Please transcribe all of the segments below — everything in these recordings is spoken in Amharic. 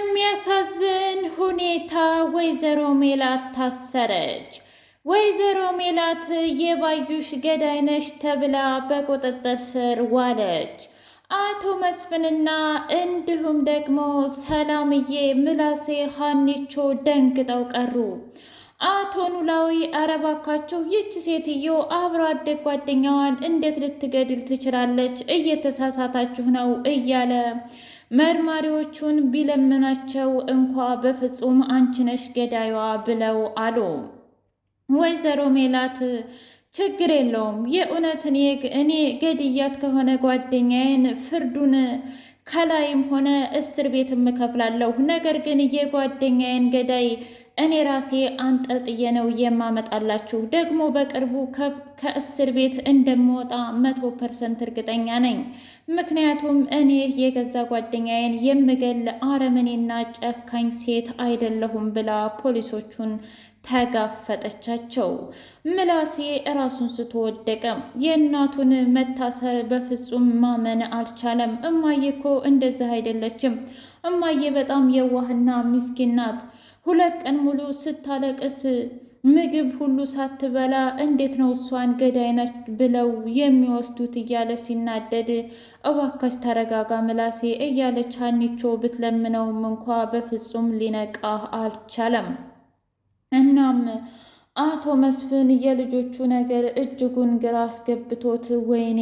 የሚያሳዝን ሁኔታ ወይዘሮ ሜላት ታሰረች። ወይዘሮ ሜላት የባዩሽ ገዳይነሽ ተብላ በቁጥጥር ስር ዋለች። አቶ መስፍንና እንዲሁም ደግሞ ሰላምዬ ምላሴ ሀኒቾ ደንግጠው ቀሩ። አቶ ኑላዊ አረባካችሁ ይች ሴትዮ አብሮ አደግ ጓደኛዋን እንዴት ልትገድል ትችላለች? እየተሳሳታችሁ ነው እያለ መርማሪዎቹን ቢለምናቸው እንኳ በፍጹም አንቺ ነሽ ገዳይዋ ብለው አሉ። ወይዘሮ ሜላት ችግር የለውም የእውነት እኔ ገድያት ከሆነ ጓደኛዬን ፍርዱን ከላይም ሆነ እስር ቤት እምከፍላለሁ። ነገር ግን የጓደኛዬን ገዳይ እኔ ራሴ አንጠልጥዬ ነው የማመጣላችሁ። ደግሞ በቅርቡ ከእስር ቤት እንደምወጣ መቶ ፐርሰንት እርግጠኛ ነኝ። ምክንያቱም እኔ የገዛ ጓደኛዬን የምገል አረመኔና ጨካኝ ሴት አይደለሁም ብላ ፖሊሶቹን ተጋፈጠቻቸው። ምላሴ እራሱን ስትወደቀ የእናቱን መታሰር በፍጹም ማመን አልቻለም። እማዬ እኮ እንደዚህ አይደለችም። እማዬ በጣም የዋህና ምስኪን ናት። ሁለት ቀን ሙሉ ስታለቅስ ምግብ ሁሉ ሳትበላ እንዴት ነው እሷን ገዳይ ነች ብለው የሚወስዱት? እያለ ሲናደድ እባካች ተረጋጋ ምላሴ እያለች ሀኒቾ ብትለምነውም እንኳ በፍጹም ሊነቃ አልቻለም። እናም አቶ መስፍን የልጆቹ ነገር እጅጉን ግራ አስገብቶት ወይኔ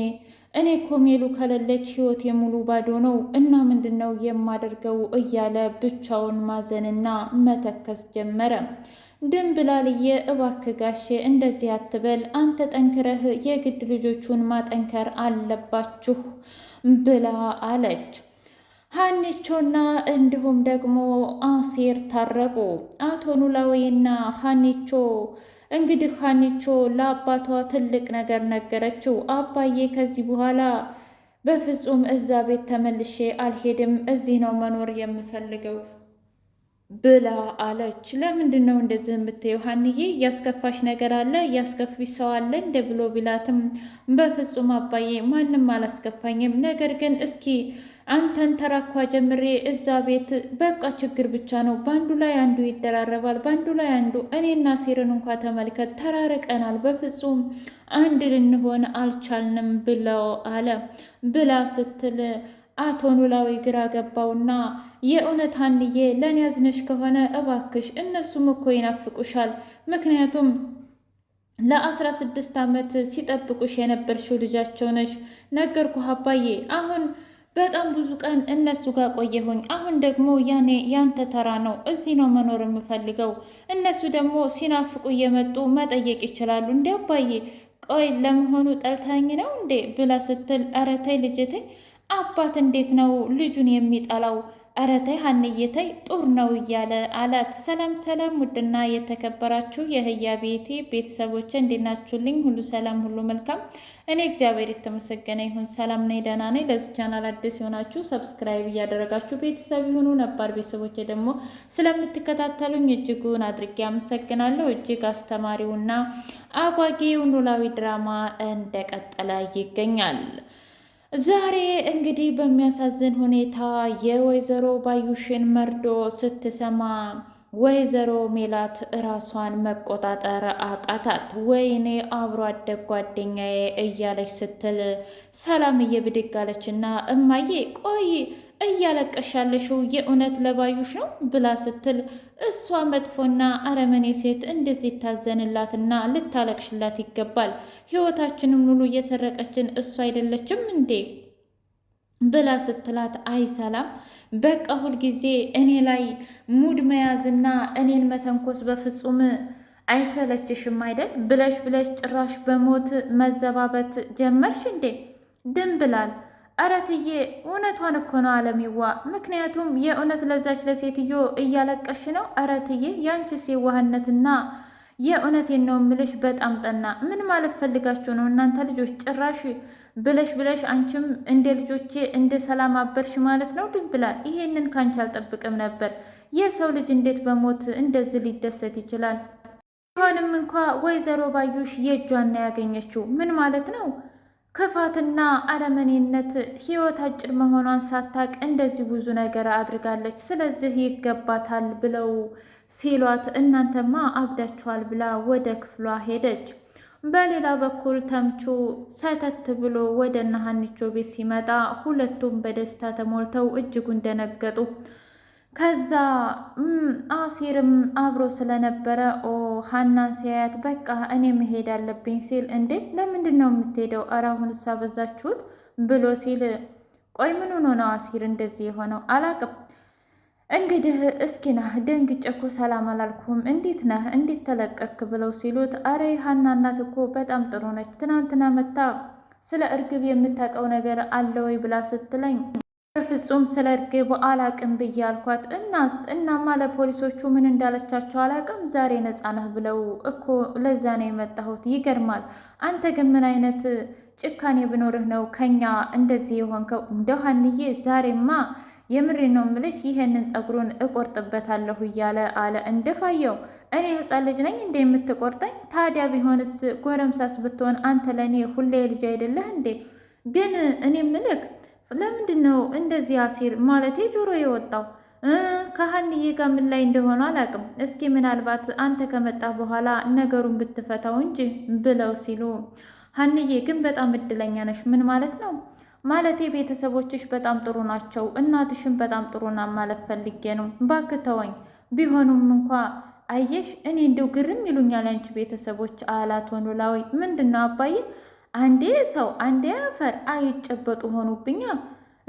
እኔ እኮ ሜሉ ከሌለች ህይወት የሙሉ ባዶ ነው እና ምንድን ነው የማደርገው እያለ ብቻውን ማዘንና መተከስ ጀመረ። ድንብላልዬ እባክህ ጋሼ እንደዚህ አትበል፣ አንተ ጠንክረህ የግድ ልጆቹን ማጠንከር አለባችሁ ብላ አለች። ሀኒቾና እንዲሁም ደግሞ አሴር ታረቁ። አቶ ኖላዊና ሀኒቾ እንግዲህ ሀኒቾ ለአባቷ ትልቅ ነገር ነገረችው። አባዬ ከዚህ በኋላ በፍጹም እዛ ቤት ተመልሼ አልሄድም፣ እዚህ ነው መኖር የምፈልገው ብላ አለች። ለምንድን ነው እንደዚህ የምትየው ሀንዬ? ያስከፋሽ ነገር አለ? ያስከፊሽ ሰው አለ እንደ ብሎ ቢላትም በፍጹም አባዬ ማንም አላስከፋኝም፣ ነገር ግን እስኪ አንተን ተራኳ ጀምሬ እዛ ቤት በቃ ችግር ብቻ ነው። በአንዱ ላይ አንዱ ይደራረባል፣ በአንዱ ላይ አንዱ። እኔና ሴርን እንኳ ተመልከት ተራርቀናል፣ በፍጹም አንድ ልንሆን አልቻልንም ብለው አለ ብላ ስትል አቶ ኖላዊ ግራ ገባውና የእውነት አንዬ ለእኔ ያዝነሽ ከሆነ እባክሽ፣ እነሱም እኮ ይናፍቁሻል። ምክንያቱም ለአስራ ስድስት ዓመት ሲጠብቁሽ የነበርሽው ልጃቸው ነሽ። ነገርኩህ አባዬ አሁን በጣም ብዙ ቀን እነሱ ጋር ቆየሁኝ። አሁን ደግሞ ያኔ ያንተ ተራ ነው። እዚህ ነው መኖር የምፈልገው። እነሱ ደግሞ ሲናፍቁ እየመጡ መጠየቅ ይችላሉ። እንዲ አባዬ፣ ቆይ ለመሆኑ ጠልታኝ ነው እንዴ ብላ ስትል፣ ኧረ ተይ ልጅቴ፣ አባት እንዴት ነው ልጁን የሚጠላው? ኧረ ተይ ሀንዬ ተይ ጦር ነው እያለ አላት። ሰላም ሰላም፣ ውድና የተከበራችሁ የህያ ቤቴ ቤተሰቦች እንዴናችሁልኝ? ሁሉ ሰላም፣ ሁሉ መልካም። እኔ እግዚአብሔር የተመሰገነ ይሁን ሰላም ነኝ፣ ደህና ነኝ። ለዚህ ቻናል አዲስ የሆናችሁ ሰብስክራይብ እያደረጋችሁ ቤተሰብ ይሁኑ። ነባር ቤተሰቦች ደግሞ ስለምትከታተሉኝ እጅጉን አድርጌ አመሰግናለሁ። እጅግ አስተማሪውና አጓጊው ኖላዊ ድራማ እንደቀጠለ ይገኛል። ዛሬ እንግዲህ በሚያሳዝን ሁኔታ የወይዘሮ ባዩሽን መርዶ ስትሰማ ወይዘሮ ሜላት እራሷን መቆጣጠር አቃታት። ወይኔ አብሮ አደግ ጓደኛዬ እያለች ስትል ሰላምዬ ብድግ አለችና እማዬ ቆይ እያለቀሻለሽው የእውነት ለባዩሽ ነው ብላ ስትል እሷ መጥፎና አረመኔ ሴት እንዴት ሊታዘንላትና ልታለቅሽላት ይገባል? ህይወታችንም ሙሉ እየሰረቀችን እሷ አይደለችም እንዴ ብላ ስትላት አይ ሰላም፣ በቃ ሁልጊዜ እኔ ላይ ሙድ መያዝና እኔን መተንኮስ በፍጹም አይሰለችሽም አይደል? ብለሽ ብለሽ ጭራሽ በሞት መዘባበት ጀመርሽ እንዴ? ድም ብላል እረትዬ እውነቷን እኮ ነው አለምዋ። ምክንያቱም የእውነት ለዛች ለሴትዮ እያለቀሽ ነው። እረትዬ እትዬ ያንቺስ የዋህነትና የእውነቴን ነው ምልሽ በጣም ጠና። ምን ማለት ፈልጋችሁ ነው እናንተ ልጆች? ጭራሽ ብለሽ ብለሽ አንቺም እንደ ልጆቼ እንደ ሰላም አበርሽ ማለት ነው። ብላ ይሄንን ካንቺ አልጠብቅም ነበር። የሰው ልጅ እንዴት በሞት እንደዚህ ሊደሰት ይችላል? ቢሆንም እንኳ ወይዘሮ ባዩሽ የእጇና ያገኘችው ምን ማለት ነው ክፋትና አረመኔነት ህይወት አጭር መሆኗን ሳታቅ እንደዚህ ብዙ ነገር አድርጋለች፣ ስለዚህ ይገባታል ብለው ሲሏት እናንተማ አብዳችኋል ብላ ወደ ክፍሏ ሄደች። በሌላ በኩል ተምቹ ሰተት ብሎ ወደ እነ ሀኒቾ ቤት ሲመጣ ሁለቱም በደስታ ተሞልተው እጅጉን ደነገጡ። ከዛ አሲርም አብሮ ስለነበረ ኦ ሀናን ሲያያት በቃ እኔ መሄድ አለብኝ ሲል እንዴ ለምንድን ነው የምትሄደው? ኧረ አሁን እሳ በዛችሁት ብሎ ሲል ቆይ ምን ሆኖ ነው አሲር እንደዚህ የሆነው? አላቅም እንግዲህ እስኪ ነህ ደንግጬ እኮ ሰላም አላልኩም። እንዴት ነህ እንዴት ተለቀክ ብለው ሲሉት አረ ሀና እናት እኮ በጣም ጥሩ ነች። ትናንትና መታ ስለ እርግብ የምታውቀው ነገር አለ ወይ ብላ ስትለኝ በፍጹም ስለ እርግብ አላቅም ብዬ አልኳት። እናስ እናማ ለፖሊሶቹ ምን እንዳለቻቸው አላቅም። ዛሬ ነህ ብለው እኮ ለዛ ነው የመጣሁት። ይገርማል። አንተ ግን ምን አይነት ጭካኔ ብኖርህ ነው ከኛ እንደዚህ የሆንከው? እንደው ሀንዬ ዛሬማ የምሬ ነው ምልሽ፣ ይሄንን ጸጉሩን እቆርጥበታለሁ እያለ አለ። እንደፋየው እኔ ህፃን ልጅ ነኝ እንዴ የምትቆርጠኝ? ታዲያ ቢሆንስ ጎረምሳስ ብትሆን አንተ ለእኔ ሁሌ ልጅ አይደለህ እንዴ? ግን እኔ ምልክ ለምንድን ነው እንደዚህ አሲር ማለቴ ጆሮ የወጣው ከሀንዬ ጋር ምን ላይ እንደሆነ አላውቅም። እስኪ ምናልባት አንተ ከመጣ በኋላ ነገሩን ብትፈታው እንጂ ብለው ሲሉ ሀንዬ ግን በጣም እድለኛ ነሽ። ምን ማለት ነው? ማለቴ ቤተሰቦችሽ በጣም ጥሩ ናቸው፣ እናትሽም በጣም ጥሩ ማለት ፈልጌ ነው። እባክህ ተወኝ። ቢሆኑም እንኳ አየሽ እኔ እንደው ግርም ይሉኛል አንቺ ቤተሰቦች አላት ኖላዊ። ምንድን ነው አባዬ አንዴ ሰው አንዴ አፈር አይጨበጡ ሆኑብኛ።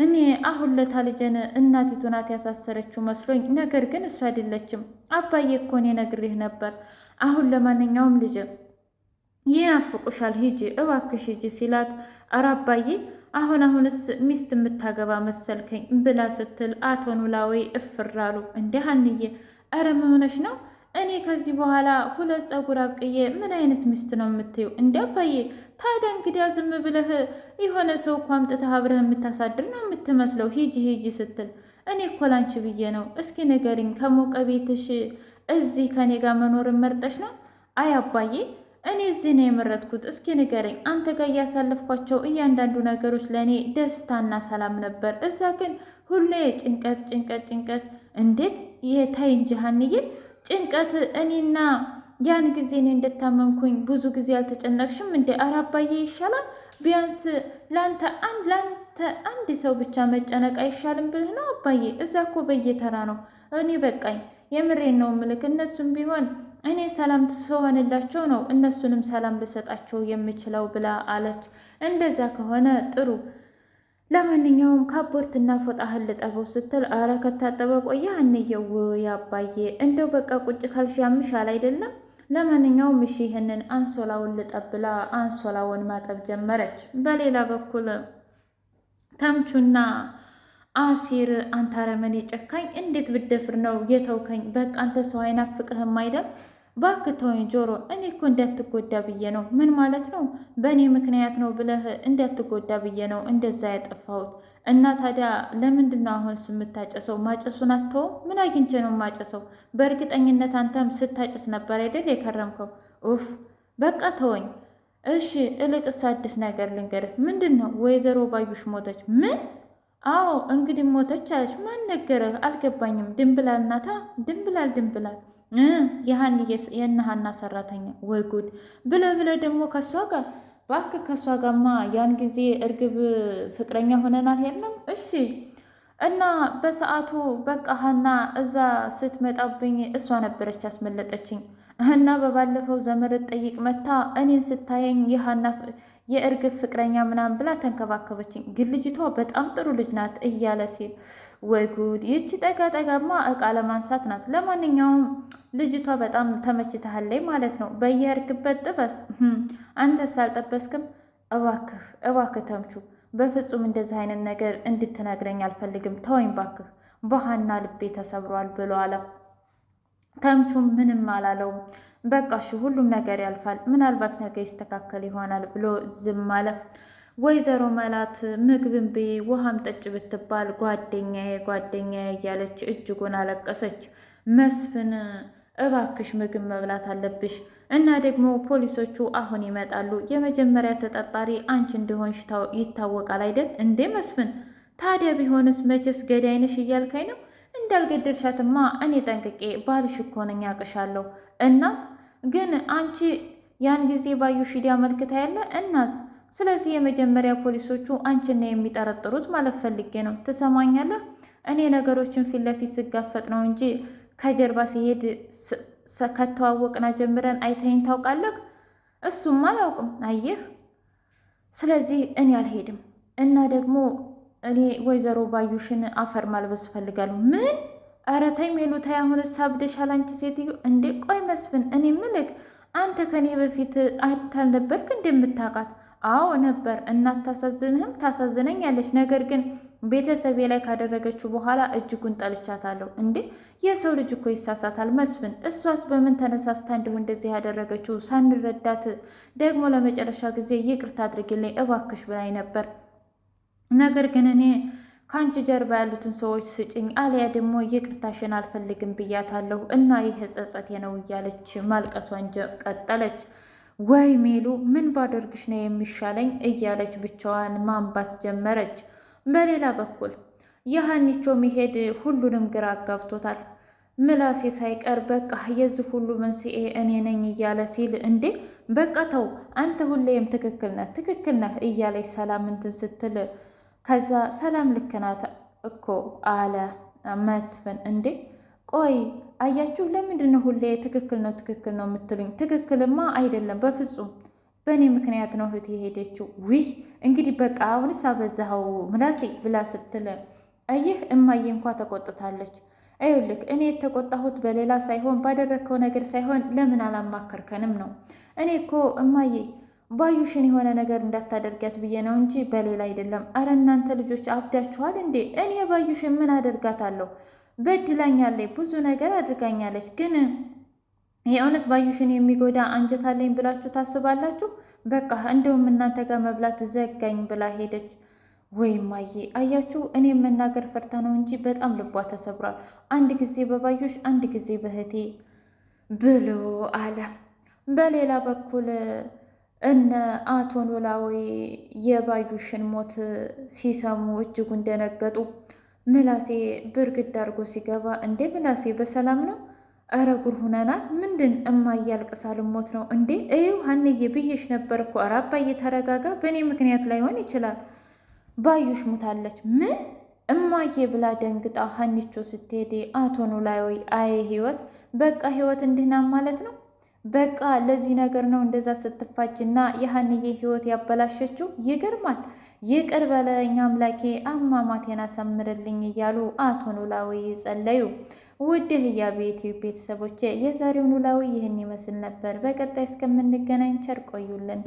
እኔ አሁን ለታ ልጄን እናቲቱ ናት ያሳሰረችው መስሎኝ፣ ነገር ግን እሱ አይደለችም። አባዬ እኮ እኔ ነግሬህ ነበር። አሁን ለማንኛውም ልጄ ይናፍቁሻል፣ ሂጂ እባክሽ ሂጂ ሲላት፣ ኧረ አባዬ አሁን አሁንስ ሚስት የምታገባ መሰልከኝ ብላ ስትል አቶ ኖላዊ እፍራሉ። እንደ ሀንዬ ኧረ ምን ሆነሽ ነው? እኔ ከዚህ በኋላ ሁለት ፀጉር አብቅዬ ምን አይነት ሚስት ነው የምትይው? እንዲ አባዬ ታዲያ እንግዲያ ዝም ብለህ የሆነ ሰው እኮ አምጥተህ አብረህ የምታሳድር ነው የምትመስለው። ሂጂ ሂጂ ስትል እኔ እኮ ላንቺ ብዬ ነው። እስኪ ንገሪኝ፣ ከሞቀ ቤትሽ እዚህ ከኔ ጋር መኖርን መርጠሽ ነው? አይ አባዬ፣ እኔ እዚህ ነው የመረጥኩት። እስኪ ንገረኝ፣ አንተ ጋር እያሳለፍኳቸው እያንዳንዱ ነገሮች ለእኔ ደስታና ሰላም ነበር። እዛ ግን ሁሌ ጭንቀት ጭንቀት ጭንቀት። እንዴት የታይ እንጂ ሀንዬ ጭንቀት እኔና ያን ጊዜ እኔ እንደታመምኩኝ ብዙ ጊዜ አልተጨነቅሽም እንዴ? ኧረ አባዬ ይሻላል ቢያንስ ለአንተ አንድ ለአንተ አንድ ሰው ብቻ መጨነቅ አይሻልም ብልህ ነው አባዬ? እዛ እኮ በየተራ ነው። እኔ በቃኝ፣ የምሬን ነው ምልክ። እነሱም ቢሆን እኔ ሰላም ስሆንላቸው ነው እነሱንም ሰላም ልሰጣቸው የምችለው ብላ አለች። እንደዛ ከሆነ ጥሩ ለማንኛውም ካፖርትና ፎጣህን ልጠበው ስትል አረ ከታጠበ ቆየ አንየው ያባዬ እንደው በቃ ቁጭ ካልሽ ያምሻል አይደለም ለማንኛውም እሺ ይህንን አንሶላውን ልጠብ ብላ አንሶላውን ማጠብ ጀመረች። በሌላ በኩል ተምቹና አሲር አንተ አረመኔ ጨካኝ፣ እንዴት ብደፍር ነው የተውከኝ? በቃ አንተ ሰው አይናፍቅህም አይደል? እባክህ ተወኝ ጆሮ፣ እኔ እኮ እንዳትጎዳ ብዬ ነው። ምን ማለት ነው? በእኔ ምክንያት ነው ብለህ እንዳትጎዳ ብዬ ነው እንደዛ ያጠፋሁት እና ታዲያ ለምንድን ነው አሁንስ የምታጨሰው? ማጨሱን አትተውም? ምን አግኝቼ ነው ማጨሰው? በእርግጠኝነት አንተም ስታጨስ ነበር አይደል የከረምከው? ኡፍ በቃ ተወኝ። እሺ እልቅስ አዲስ ነገር ልንገርህ። ምንድን ነው? ወይዘሮ ባዩሽ ሞተች። ምን? አዎ እንግዲህ ሞተች አለች። ማን ነገረህ? አልገባኝም። ድንብላል ናታ። ድንብላል ድንብላል የሀን የእነ ሰራተኛ። ወይ ጉድ ብለ ብለ ደግሞ ከሷ ጋር ባክ ከእሷ ጋማ ያን ጊዜ እርግብ ፍቅረኛ ሆነናት የለም? እሺ እና በሰዓቱ በቃ ሀና እዛ ስትመጣብኝ እሷ ነበረች ያስመለጠችኝ እና በባለፈው ዘመድ ጠይቅ መታ እኔን ስታየኝ የሀና የእርግብ ፍቅረኛ ምናምን ብላ ተንከባከበችኝ፣ ግን ልጅቷ በጣም ጥሩ ልጅ ናት እያለ ሲል ወይ ጉድ! ይቺ ጠጋ ጠጋማ እቃ ለማንሳት ናት። ለማንኛውም ልጅቷ በጣም ተመችታሃለይ ማለት ነው። በየእርግበት ጥበስ። አንተስ አልጠበስክም? እባክህ እባክህ ተምቹ በፍጹም እንደዚህ አይነት ነገር እንድትነግረኝ አልፈልግም። ተወኝ ባክህ፣ በሃና ልቤ ተሰብሯል ብሎ አለ። ተምቹ ምንም አላለውም። በቃሽ ሁሉም ነገር ያልፋል፣ ምናልባት ነገ ይስተካከል ይሆናል ብሎ ዝም አለ። ወይዘሮ መላት ምግብን ብይ ውሃም ጠጭ ብትባል ጓደኛዬ ጓደኛዬ እያለች እጅጉን አለቀሰች። መስፍን እባክሽ ምግብ መብላት አለብሽ እና ደግሞ ፖሊሶቹ አሁን ይመጣሉ። የመጀመሪያ ተጠርጣሪ አንቺ እንደሆንሽ ይታወቃል አይደል እንዴ መስፍን? ታዲያ ቢሆንስ መቼስ ገዳይ ነሽ እያልካኝ ነው እንዳልገደልሻትማ እኔ ጠንቅቄ ባልሽ እኮ ነኝ አቅሻለሁ። እናስ ግን አንቺ ያን ጊዜ ባዩሽ ሂድ አመልክታ ያለ እናስ ስለዚህ የመጀመሪያ ፖሊሶቹ አንቺን ነው የሚጠረጥሩት ማለት ፈልጌ ነው። ትሰማኛለህ? እኔ ነገሮችን ፊት ለፊት ስጋፈጥ ነው እንጂ ከጀርባ ሲሄድ ከተዋወቅና ጀምረን አይተኸኝ ታውቃለህ? እሱም አላውቅም። አየህ፣ ስለዚህ እኔ አልሄድም እና ደግሞ እኔ ወይዘሮ ባዩሽን አፈር ማልበስ እፈልጋለሁ። ምን ኧረ ተይ ሜሉ ተይ፣ አሁን ሳብደሻል አንቺ ሴትዮ እንዴ! ቆይ መስፍን፣ እኔ ምልክ አንተ ከኔ በፊት አይታል ነበርክ እንደምታውቃት? አዎ ነበር። እናት ታሳዝንህም ታሳዝነኛለች። ነገር ግን ቤተሰቤ ላይ ካደረገችው በኋላ እጅጉን ጠልቻታለሁ። እንዴ የሰው ልጅ እኮ ይሳሳታል መስፍን። እሷስ በምን ተነሳስታ እንዲሁ እንደዚህ ያደረገችው ሳንረዳት፣ ደግሞ ለመጨረሻ ጊዜ ይቅርታ አድርግልኝ እባክሽ ብላኝ ነበር ነገር ግን እኔ ከአንቺ ጀርባ ያሉትን ሰዎች ስጭኝ፣ አሊያ ደግሞ ይቅርታሽን አልፈልግም ብያታለሁ እና ይህ ጸጸቴ ነው እያለች ማልቀሷን ቀጠለች። ወይ ሜሉ ምን ባደርግሽ ነው የሚሻለኝ እያለች ብቻዋን ማንባት ጀመረች። በሌላ በኩል የሀኒቾ መሄድ ሁሉንም ግራ አጋብቶታል። ምላሴ ሳይቀር በቃ የዚህ ሁሉ መንስኤ እኔ ነኝ እያለ ሲል፣ እንዴ በቃ ተው አንተ ሁሌም ትክክል ነህ ትክክል ነህ እያለች ሰላም እንትን ስትል ከዛ ሰላም ልክ ናት እኮ አለ መስፍን። እንዴ ቆይ አያችሁ፣ ለምንድን ነው ሁሌ ትክክል ነው ትክክል ነው የምትሉኝ? ትክክልማ አይደለም በፍጹም። በእኔ ምክንያት ነው እህት የሄደችው። ውይ እንግዲህ በቃ አሁንስ አበዛኸው ምላሴ ብላ ስትል ይህ እማዬ እንኳ ተቆጥታለች። ይኸውልህ እኔ የተቆጣሁት በሌላ ሳይሆን ባደረግከው ነገር ሳይሆን ለምን አላማከርከንም ነው። እኔ እኮ እማዬ ባዩሽን የሆነ ነገር እንዳታደርጋት ብዬ ነው እንጂ በሌላ አይደለም። አረ እናንተ ልጆች አብዳችኋል እንዴ? እኔ ባዩሽን ምን አደርጋታለሁ? በድላኛለች፣ ብዙ ነገር አድርጋኛለች። ግን የእውነት ባዩሽን የሚጎዳ አንጀት አለኝ ብላችሁ ታስባላችሁ? በቃ እንደውም እናንተ ጋር መብላት ዘጋኝ ብላ ሄደች። ወይም አየ አያችሁ፣ እኔ መናገር ፈርታ ነው እንጂ በጣም ልቧ ተሰብሯል። አንድ ጊዜ በባዩሽ አንድ ጊዜ በህቴ ብሎ አለ። በሌላ በኩል እነ አቶ ኖላዊ የባዩሽን ሞት ሲሰሙ እጅጉን ደነገጡ። ምላሴ ብርግድ አድርጎ ሲገባ እንዴ ምላሴ በሰላም ነው? እረ ጉር ሁነናል። ምንድን እማያልቅሳል ሞት ነው እንዴ? እዩ ሀንዬ ብዬሽ ነበር እኮ። ኧረ አባዬ ተረጋጋ፣ በእኔ ምክንያት ላይሆን ይችላል። ባዩሽ ሙታለች። ምን እማዬ ብላ ደንግጣ ሀኒቾ ስትሄድ አቶ ኖላዊ አየ ህይወት፣ በቃ ህይወት እንድህናም ማለት ነው በቃ ለዚህ ነገር ነው እንደዛ ስትፋጅ እና የሀንዬ ህይወት ያበላሸችው። ይገርማል። ይቅር በለኝ አምላኬ፣ አሟሟቴን አሳምርልኝ እያሉ አቶ ኖላዊ ጸለዩ። ውድህ እያ ቤት ቤተሰቦቼ፣ የዛሬው ኖላዊ ይህን ይመስል ነበር። በቀጣይ እስከምንገናኝ ቸር ቆዩልን።